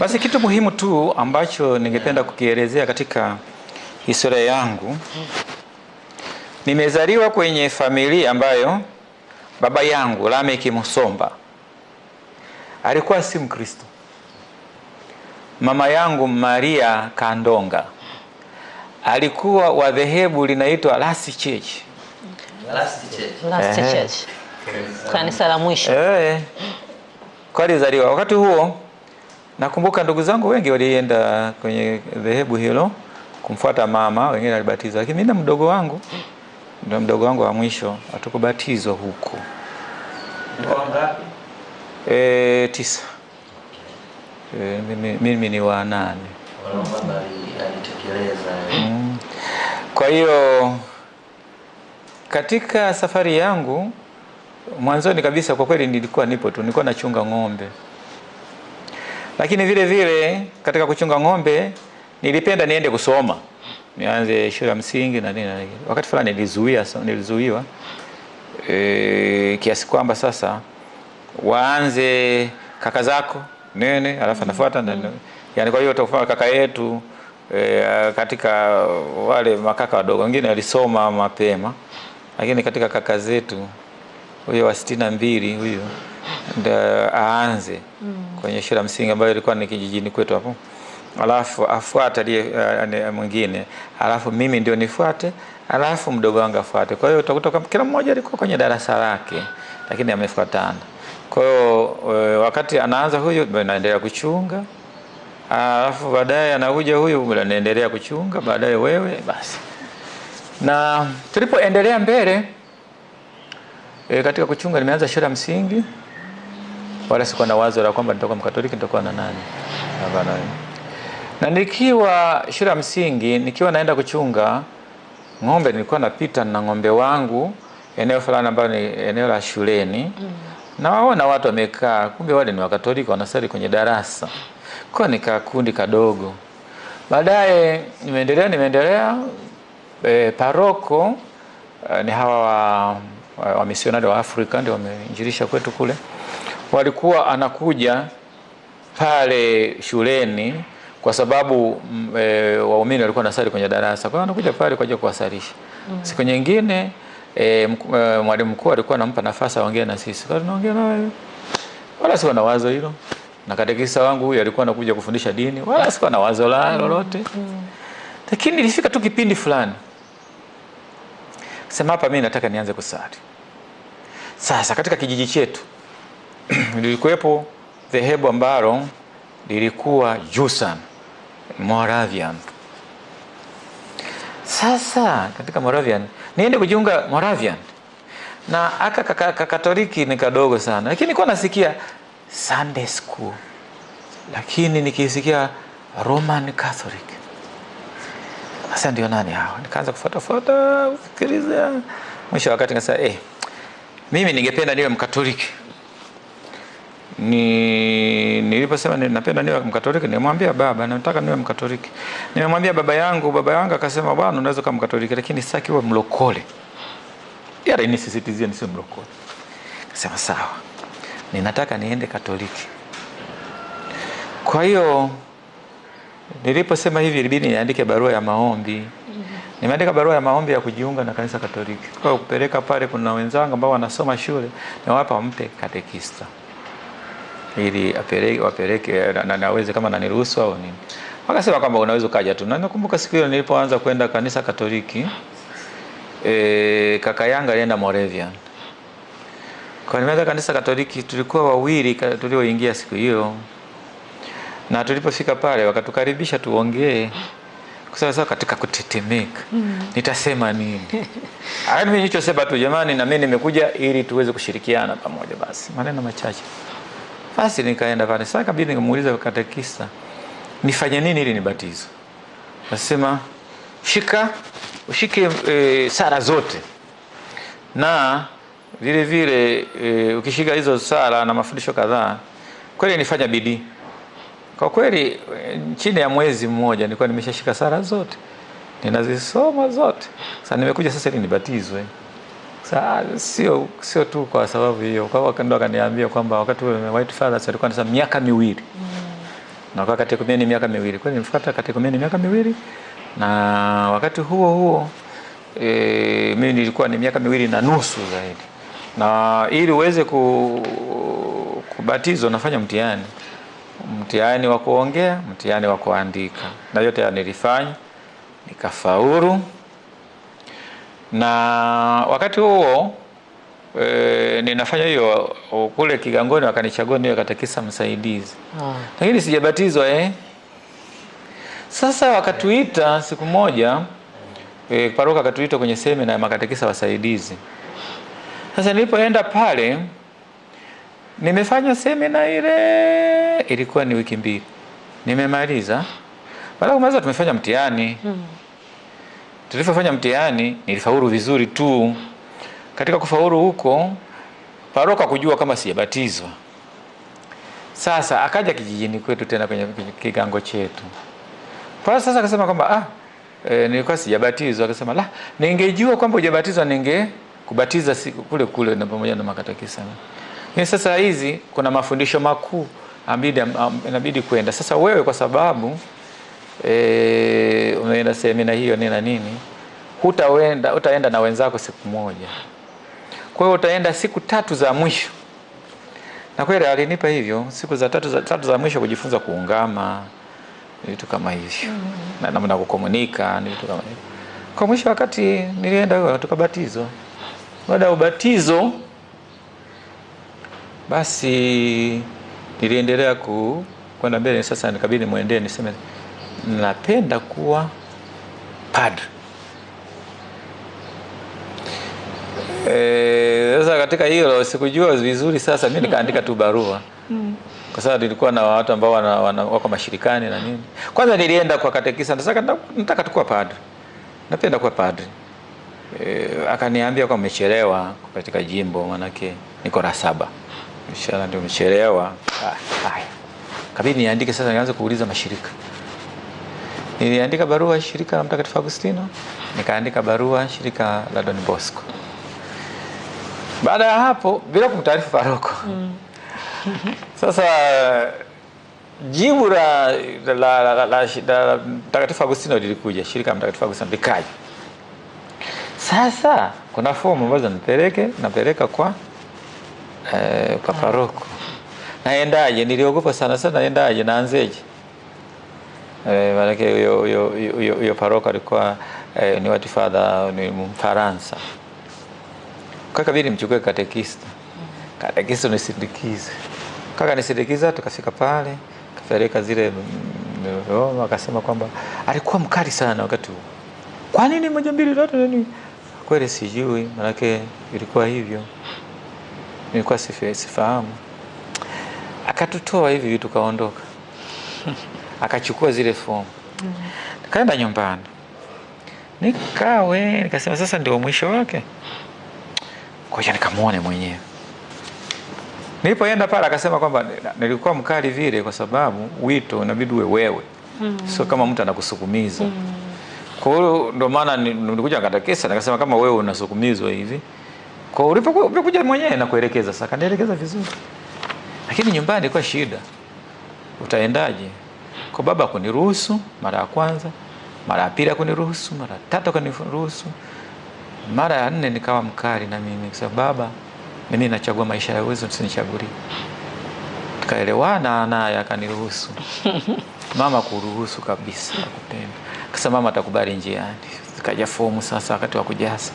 Basi kitu muhimu tu ambacho ningependa kukielezea katika historia yangu, nimezaliwa kwenye familia ambayo baba yangu Lameki Musomba alikuwa si Mkristo, mama yangu Maria Kandonga alikuwa wa dhehebu linaitwa Last Church, Last Church, Last Church, kanisa la mwisho, alizaliwa wakati huo Nakumbuka ndugu zangu wengi walienda kwenye dhehebu hilo kumfuata mama, wengine walibatizwa lakini mimi na mdogo wangu ndio mdogo wangu wa mwisho hatukubatizwa huko. E, tisa. E, mimi, mimi ni wa nane. Eh. Mm. Kwa hiyo katika safari yangu mwanzoni kabisa, kwa kweli nilikuwa nipo tu, nilikuwa nachunga ng'ombe lakini vile vile katika kuchunga ng'ombe nilipenda niende kusoma, nianze shule ya msingi na nini na nini. Wakati fulani nilizuia, nilizuiwa e, kiasi kwamba sasa waanze kaka zako nene alafu anafuata mm -hmm. Yani kwa hiyo utakufa kaka yetu e, katika wale makaka wadogo wengine walisoma mapema, lakini katika kaka zetu huyo wa sitini na mbili huyo aanze kwenye shule ya msingi ambayo ilikuwa ni kijijini kwetu hapo, alafu afuate aliye uh, mwingine, alafu mimi ndio nifuate, alafu mdogo wangu afuate. Kwa hiyo utakuta kila mmoja alikuwa kwenye darasa lake, lakini amefuatana. Kwa hiyo eh, wakati anaanza huyu, naendelea kuchunga alafu baadaye anakuja huyu anaendelea kuchunga, baadaye wewe basi. Na tulipoendelea mbele e, katika kuchunga, nimeanza shule ya msingi wala sikuwa na wazo la kwamba nitakuwa Mkatoliki, nitakuwa na nani. Hapana. Na nikiwa shule ya msingi, nikiwa naenda kuchunga ng'ombe, nilikuwa napita na ng'ombe wangu eneo fulani ambalo ni eneo la shuleni mm. Nawaona watu wamekaa, kumbe wale ni Wakatoliki wanasali kwenye darasa, kwa nikakundi kadogo. Baadaye nimeendelea nimeendelea, e, paroko e, ni hawa wa, wa, wa wa Afrika ndio wameinjilisha kwetu kule walikuwa anakuja pale shuleni kwa sababu mm, e, waumini walikuwa nasali kwenye darasa, kwa hiyo anakuja pale kwa ajili ya kuwasalisha. mm. Siku nyingine e, e mwalimu mkuu alikuwa anampa nafasi aongee na sisi, kwa tunaongea na wewe, wala sio na wazo hilo, na katekista wangu huyu alikuwa anakuja kufundisha dini, wala sio na wazo la mm. lolote. mm. mm. Lakini ilifika tu kipindi fulani, sema hapa, mimi nataka nianze kusali sasa katika kijiji chetu lilikuwepo dhehebu ambalo lilikuwa juu sana Moravian. Sasa katika Moravian niende kujiunga Moravian na aka kakatoliki ni kadogo sana, lakini nilikuwa nasikia Sunday school, lakini nikisikia Roman Catholic, sasa ndio nani hao? Nikaanza kufuata kusikiliza, mwisho wakati nikasema eh, mimi ningependa niwe Mkatoliki ni niliposema ni, napenda niwe Mkatoliki, nimemwambia baba, nataka niwe Mkatoliki. Nimemwambia baba yangu, baba yangu akasema, bwana, unaweza kama Mkatoliki, lakini sitaki uwe mlokole. Yale nisisitizie nisiwe mlokole. Akasema sawa, ninataka niende Katoliki. Kwa hiyo niliposema hivi, ilibidi niandike barua ya maombi nimeandika barua ya maombi ya kujiunga na kanisa Katoliki. Kwa kupeleka pale, kuna wenzangu ambao wanasoma shule, nawapa mpe katekista ili apeleke wapeleke na naweze kama naniruhusu au nini. Akasema kwamba unaweza ukaja tu, na nakumbuka siku hiyo nilipoanza kwenda kanisa Katoliki e, kaka yangu alienda Moravia. kwa nimeenda kanisa Katoliki, tulikuwa wawili tulioingia siku hiyo, na tulipofika pale wakatukaribisha tuongee sasa katika kutetemeka mm. Nitasema nini? Mimi nilichosema tu, jamani, na mimi nimekuja ili tuweze kushirikiana pamoja, basi maneno machache. Basi nikaenda pale sasa, kabidi nikamuuliza katekista, nifanye nini ili nibatizwe? Nasema shika ushike e, sala zote na vile vile e, ukishika hizo sala na mafundisho kadhaa, kweli nifanya bidii kwa kweli. Chini ya mwezi mmoja nilikuwa nimeshashika sala zote, ninazisoma zote. Sasa nimekuja sasa ili nibatizwe sio sio tu kwa sababu hiyo, kwa ndo akaniambia kwamba wakati White Fathers alikuwa anasema miaka miwili mm. na kwa kati kumeni miaka miwili kwani nifuata kati kumeni miaka miwili na wakati huo huo e, mimi nilikuwa ni miaka miwili na nusu zaidi, na ili uweze ku, kubatizwa nafanya mtihani mtihani wa kuongea, mtihani wa kuandika, na yote nilifanya nikafaulu na wakati huo e, ninafanya hiyo kule kigangoni wakanichagua niwe katekisa msaidizi ah. Lakini sijabatizwa eh. Sasa wakatuita siku moja e, paroka akatuita kwenye semina ya makatekisa wasaidizi. Sasa nilipoenda pale nimefanya semina ile, ilikuwa ni wiki mbili, nimemaliza. Baada kumaliza tumefanya mtihani mm. Tulivyofanya mtihani nilifaulu vizuri tu. Katika kufaulu huko, paroko kujua kama sijabatizwa. Sasa akaja kijijini kwetu tena kwenye kigango chetu. Kwa sasa akasema kwamba ah, e, nilikuwa sijabatizwa. Akasema la, ningejua kwamba hujabatizwa ninge kubatiza siku kule kule na pamoja na makatekisa. Ni sasa hizi kuna mafundisho makuu inabidi kwenda. Sasa wewe kwa sababu e, umeenda semina hiyo nina nini, hutaenda utaenda na wenzako siku moja, kwa hiyo utaenda siku tatu za mwisho. Na kweli alinipa hivyo siku za tatu za, tatu za mwisho kujifunza kuungama vitu kama hivyo mm -hmm. na namna kukomunika ni vitu kama hivyo. Kwa mwisho wakati nilienda huko tukabatizo Baada ya ubatizo basi niliendelea ku kwenda mbele, sasa nikabidi muendee niseme napenda kuwa padri. Eh, sasa e, katika hilo sikujua vizuri. Sasa mimi nikaandika tu barua mm. kwa sababu nilikuwa na watu ambao wana, wana, wako mashirikani na nini. Kwanza nilienda kwa katekisa, nataka nataka tu kuwa padri, napenda kuwa padri e, eh, akaniambia kwa umechelewa katika jimbo, manake niko la saba mshahara ndio umechelewa. Ah, kabidi niandike sasa, nianze kuuliza mashirika Niliandika barua shirika la Mtakatifu Agustino, nikaandika barua shirika la Don Bosco. Baada ya hapo bila kumtaarifu paroko mm. Sasa jibu la la Mtakatifu Agustino lilikuja, shirika la Mtakatifu Agustino likaja. Sasa kuna fomu ambazo nipeleke napeleka kwa eh, kwa ah. paroko. Naendaje? Niliogopa sana sana, naendaje? Naanzeje? Eh, manake maanake huyo paroko alikuwa e, ni watifadha ni Mfaransa kwa kabidi mchukue katekista katekista nisindikize kaka nisindikiza, tukafika pale kafereka zile Roma, akasema kwamba alikuwa mkali sana wakati huo. Kwa nini moja mbili tatu nini? Kweli sijui, manake ilikuwa hivyo, nilikuwa sifahamu. Akatutoa hivi tukaondoka. akachukua zile fomu mm. Kaenda nyumbani nikawe nikasema, sasa ndio mwisho wake, kwaja nikamwone mwenyewe. Nilipoenda pale akasema kwamba nilikuwa mkali vile kwa sababu wito inabidi uwe wewe mm. Sio kama mtu anakusukumiza mm. Kwa hiyo ndio maana nilikuja kesa, nikasema kama wewe unasukumizwa hivi, kwa hiyo ulipokuja mwenyewe na kuelekeza, sasa kanielekeza vizuri, lakini nyumbani ilikuwa shida, utaendaje? Kwa baba kuniruhusu mara ya kwanza, mara ya pili akuniruhusu, mara ya tatu akuniruhusu, mara ya nne nikawa mkali na mimi kwa sababu baba, mimi nachagua maisha ya uwezo, msinichagulie. Tukaelewana naye akaniruhusu. Mama kuruhusu kabisa, akupenda. Kasa mama atakubali njiani. Zikaja fomu sasa, wakati wa kujaza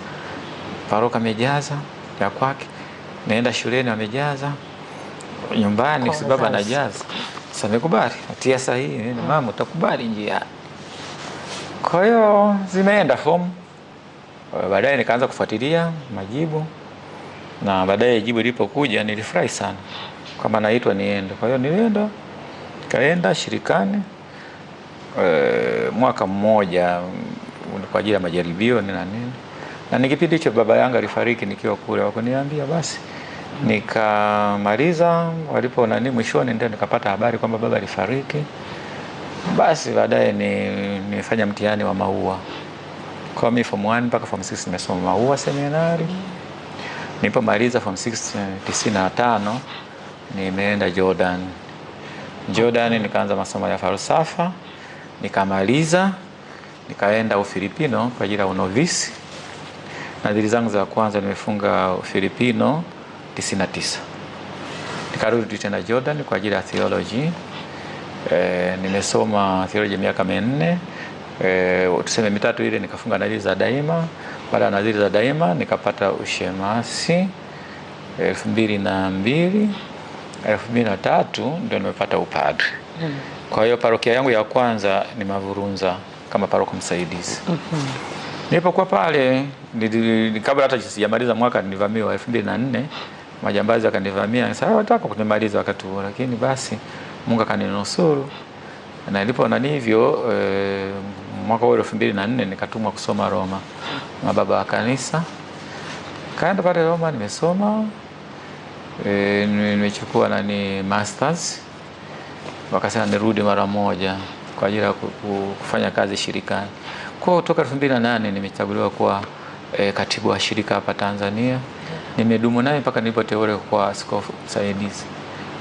paroka amejaza ya kwake, naenda shuleni wamejaza, nyumbani sababu anajaza Samekubali atia sahihi eh, nini, mama utakubali njia. Kwa hiyo zimeenda fomu, baadaye nikaanza kufuatilia majibu na baadaye jibu lilipokuja nilifurahi sana kama naitwa niende. Kwa hiyo nilienda, kaenda shirikani e, mwaka mmoja mm, kwa ajili ya majaribio na nini, na ni kipindi hicho baba yangu alifariki nikiwa kule, wakuniambia basi nikamaliza walipo nani, mwishoni ndio nikapata habari kwamba baba alifariki. Basi baadaye ni ni mtihani wa maua kwa mimi, form 1 mpaka form 6 nimesoma maua seminari. Nilipomaliza form 6 95 nimeenda Jordan. Jordan nikaanza masomo ya falsafa nikamaliza, nikaenda Ufilipino kwa ajili ya unovisi. Nadhiri zangu za kwanza nimefunga Ufilipino 99. Nikarudi tena Jordan kwa ajili ya theology e, nimesoma theology miaka minne e, tuseme mitatu ile nikafunga nadhiri za daima. Baada ya nadhiri za daima nikapata ushemasi elfu mbili na mbili elfu mbili na tatu ndio nimepata upadri mm. Kwa hiyo parokia yangu ya kwanza ni Mavurunza kama paroko msaidizi mm -hmm. Nilipokuwa pale kabla hata sijamaliza mwaka nilivamiwa elfu mbili na nne majambazi wakanivamia, sasa ah, wataka kunimaliza wakati huo, lakini basi Mungu akaninusuru na ilipo nani hivyo e, mwaka wa 2004 nikatumwa kusoma Roma na baba wa kanisa. Kaenda pale Roma nimesoma e, nimechukua nani masters, wakasema nirudi mara moja kwa ajili ya kufanya kazi shirikani. Kwa mbili na nane nimechaguliwa kuwa e, katibu wa shirika hapa Tanzania. Nimedumu naye mpaka nilipoteuliwa kwa askofu msaidizi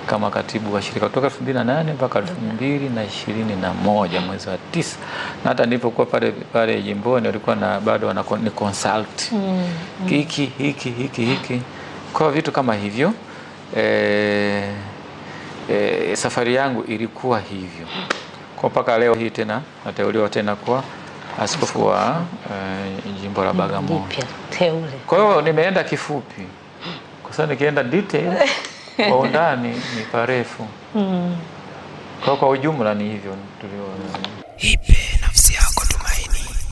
kama katibu wa shirika kutoka 2008 mpaka 2021 mwezi wa tisa, na hata nilipokuwa pale pale jimboni walikuwa na bado wana ni consult mm, mm. hiki hiki hiki hiki kwa vitu kama hivyo e, e, safari yangu ilikuwa hivyo kwa mpaka leo hii tena nateuliwa tena kwa askofu wa uh, eh, jimbo la Bagamoyo Kwa hiyo nimeenda kifupi, kwa sababu nikienda detail kwa undani ni parefu. Mm. Kwa kwa ujumla ni hivyo tulio